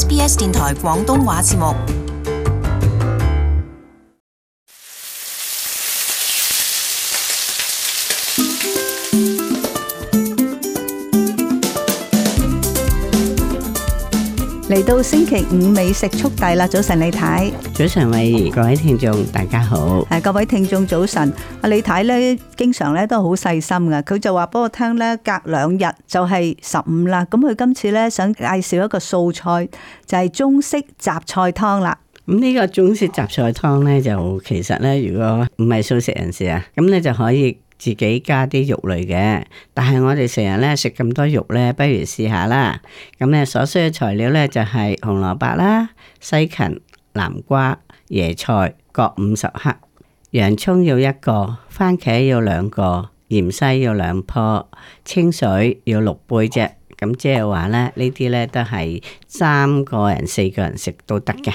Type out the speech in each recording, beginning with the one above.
SBS 電台廣東話節目。嚟到星期五美食速遞啦！早晨李太，早晨偉，各位聽眾大家好。誒，各位聽眾早晨。阿李太咧，經常咧都好細心噶，佢就話俾我聽咧，隔兩日就係十五啦。咁佢今次咧想介紹一個素菜，就係中式雜菜湯啦。咁呢個中式雜菜湯咧，就其實咧，如果唔係素食人士啊，咁你就可以。自己加啲肉類嘅，但係我哋成日咧食咁多肉咧，不如試下啦。咁咧所需嘅材料咧就係紅蘿蔔啦、西芹、南瓜、椰菜各五十克，洋葱要一個，番茄要兩個，芫茜要兩棵，清水要六杯啫。咁即係話咧，呢啲咧都係三個人、四個人食都得嘅。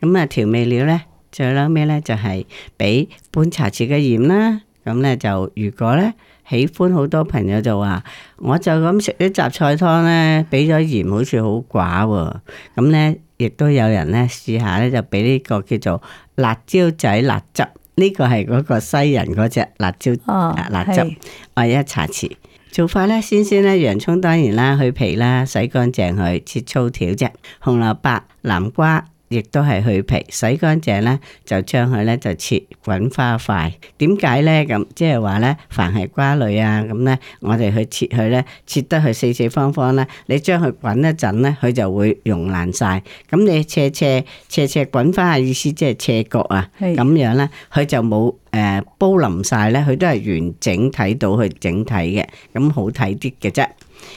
咁啊，調味料咧，最嬲尾咧就係俾半茶匙嘅鹽啦。咁咧就如果咧喜歡好多朋友就話，我就咁食啲雜菜湯咧，俾咗鹽好似好寡喎。咁咧亦都有人咧試下咧，就俾呢個叫做辣椒仔辣汁，呢個係嗰個西人嗰隻辣椒辣汁，哦、我一茶匙。做法咧先先咧，洋葱當然啦，去皮啦，洗乾淨佢，切粗條啫。紅蘿蔔、南瓜。亦都係去皮洗乾淨咧，就將佢咧就切滾花塊。點解咧？咁即係話咧，凡係瓜類啊咁咧，我哋去切佢咧，切得佢四四方方咧。你將佢滾一陣咧，佢就會溶爛晒。咁你斜斜斜斜滾翻嘅意思，即係斜角啊。咁樣咧，佢就冇誒煲腍晒咧，佢都係完整睇到佢整體嘅，咁好睇啲嘅啫。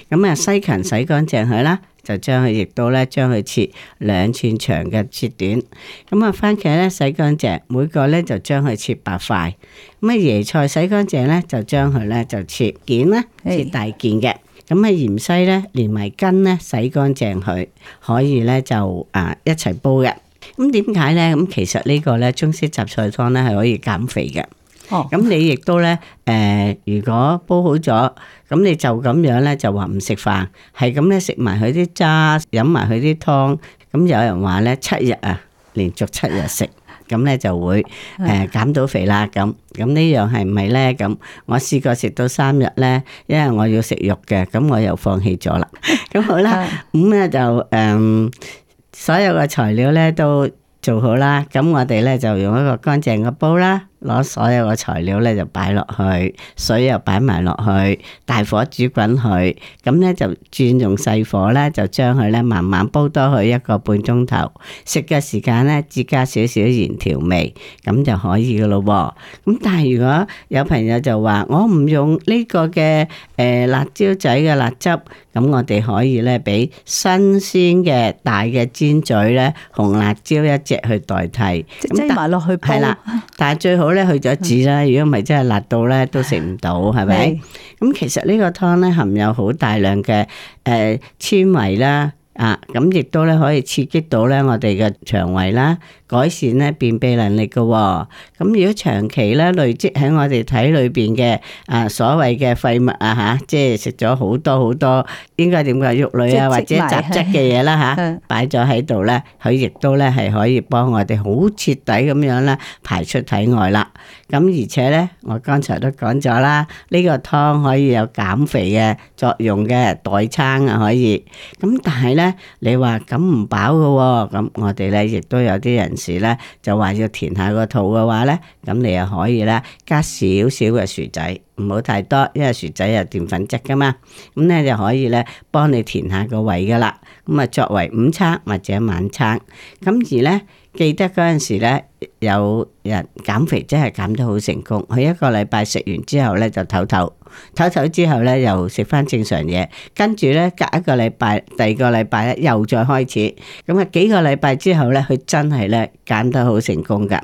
咁啊，西芹洗乾淨佢啦。就將佢亦都咧，將佢切兩寸長嘅，切短。咁啊，番茄咧洗乾淨，每個咧就將佢切八塊。咁啊，椰菜洗乾淨咧，就將佢咧就切件啦，切大件嘅。咁啊，芫茜咧連埋根咧洗乾淨佢，可以咧就啊一齊煲嘅。咁點解咧？咁其實呢個咧中式雜菜湯咧係可以減肥嘅。咁你亦都咧，誒，如果煲好咗，咁你就咁樣咧，就話唔食飯，係咁咧，食埋佢啲渣，飲埋佢啲湯。咁有人話咧，七日啊，連續七日食，咁咧就會誒減到肥啦。咁咁呢樣係咪咧？咁我試過食到三日咧，因為我要食肉嘅，咁我又放棄咗啦。咁好啦，咁咧就誒，所有嘅材料咧都做好啦。咁我哋咧就用一個乾淨嘅煲啦。攞所有嘅材料咧就擺落去，水又擺埋落去，大火煮滾佢，咁咧就轉用細火咧就將佢咧慢慢煲多佢一個半鐘頭。食嘅時間咧只加少少鹽調味，咁就可以噶咯喎。咁但係如果有朋友就話我唔用呢個嘅誒辣椒仔嘅辣汁，咁我哋可以咧俾新鮮嘅大嘅尖嘴咧紅辣椒一隻去代替，擠埋落去，係啦，但係最好。去咗指啦，如果唔係真係辣到咧，都食唔到，係咪是？咁其實呢個湯咧含有好大量嘅誒纖維啦。呃啊，咁亦都咧可以刺激到咧我哋嘅腸胃啦，改善咧便秘能力嘅。咁如果長期咧累積喺我哋體裏邊嘅啊所謂嘅廢物啊嚇，即係食咗好多好多，應該點講啊肉類啊或者雜質嘅嘢啦嚇，擺咗喺度咧，佢亦都咧係可以幫我哋好徹底咁樣咧排出體外啦。咁而且咧，我剛才都講咗啦，呢個湯可以有減肥嘅作用嘅，代餐啊可以。咁但係咧。你話咁唔飽嘅，咁我哋咧亦都有啲人士咧，就話要填下個肚嘅話咧，咁你又可以咧加少少嘅薯仔，唔好太多，因為薯仔有澱粉質噶嘛，咁咧就可以咧幫你填下個胃噶啦，咁啊作為午餐或者晚餐。咁而咧記得嗰陣時咧有人減肥真係減得好成功，佢一個禮拜食完之後咧就唞唞。唞唞之後咧，又食翻正常嘢，跟住咧隔一個禮拜，第二個禮拜又再開始，咁啊幾個禮拜之後咧，佢真係咧減得好成功噶，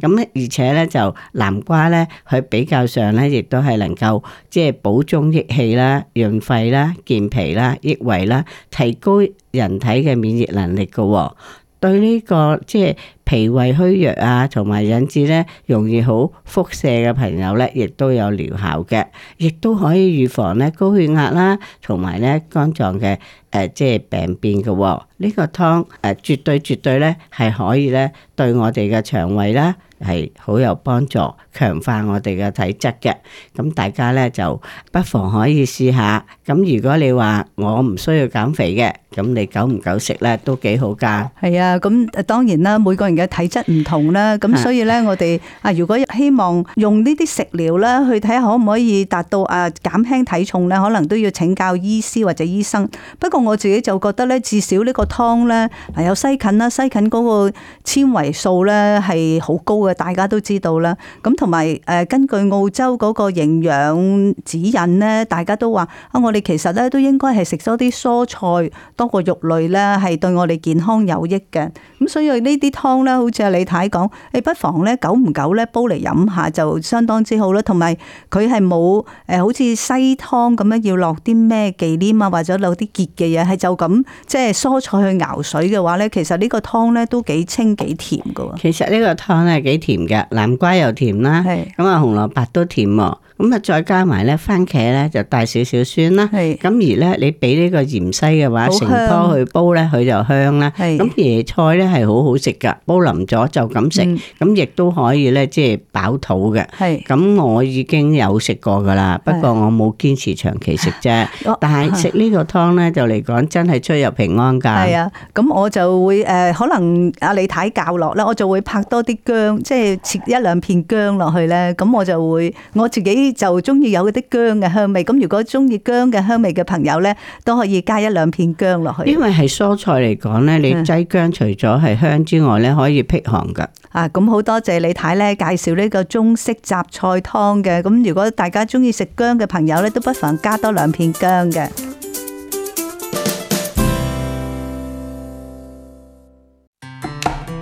咁而且咧就南瓜咧，佢比較上咧亦都係能夠即係補中益氣啦、潤肺啦、健脾啦、益胃啦，提高人體嘅免疫能力噶、哦。對呢、這個即係脾胃虛弱啊，同埋引致咧容易好腹瀉嘅朋友咧，亦都有療效嘅，亦都可以預防咧高血壓啦，同埋咧肝臟嘅誒即係病變嘅、哦。呢、這個湯誒、呃、絕對絕對咧係可以咧對我哋嘅腸胃啦係好有幫助，強化我哋嘅體質嘅。咁大家咧就不妨可以試下。咁如果你話我唔需要減肥嘅。咁你久唔久食咧，都幾好噶。係啊，咁當然啦，每個人嘅體質唔同啦，咁所以咧， 我哋啊，如果希望用呢啲食療咧，去睇下可唔可以達到啊減輕體重咧，可能都要請教醫師或者醫生。不過我自己就覺得咧，至少呢個湯咧，有西芹啦，西芹嗰個纖維素咧係好高嘅，大家都知道啦。咁同埋誒，根據澳洲嗰個營養指引咧，大家都話啊，我哋其實咧都應該係食多啲蔬菜。多個肉類咧，係對我哋健康有益嘅。咁所以呢啲湯咧，好似阿李太講，你不妨咧久唔久咧煲嚟飲下，就相當之好啦。同埋佢係冇誒，好似西湯咁樣要落啲咩忌廉啊，或者落啲結嘅嘢，係就咁即係蔬菜去熬水嘅話咧，其實呢個湯咧都幾清幾甜噶。其實呢個湯係幾甜嘅，南瓜又甜啦，咁啊是紅蘿蔔都甜啊。咁啊，再加埋咧番茄咧就大少少酸啦。咁而咧你俾呢個芫茜嘅話，成棵去煲咧，佢就香啦。咁椰菜咧係好好食噶，煲淋咗就咁食，咁亦都可以咧，即係飽肚嘅。咁我已經有食過噶啦，不過我冇堅持長期食啫。但係食呢個湯咧，就嚟講真係出入平安噶。係啊，咁我就會誒，可能阿李太教落啦，我就會拍多啲薑，即係切一兩片薑落去咧。咁我就會我自己。就中意有啲薑嘅香味，咁如果中意薑嘅香味嘅朋友呢，都可以加一兩片薑落去。因為係蔬菜嚟講呢， 你擠薑除咗係香之外呢，可以辟寒噶。啊，咁好多謝李太呢，介紹呢個中式雜菜湯嘅。咁如果大家中意食薑嘅朋友呢，都不妨加多兩片薑嘅。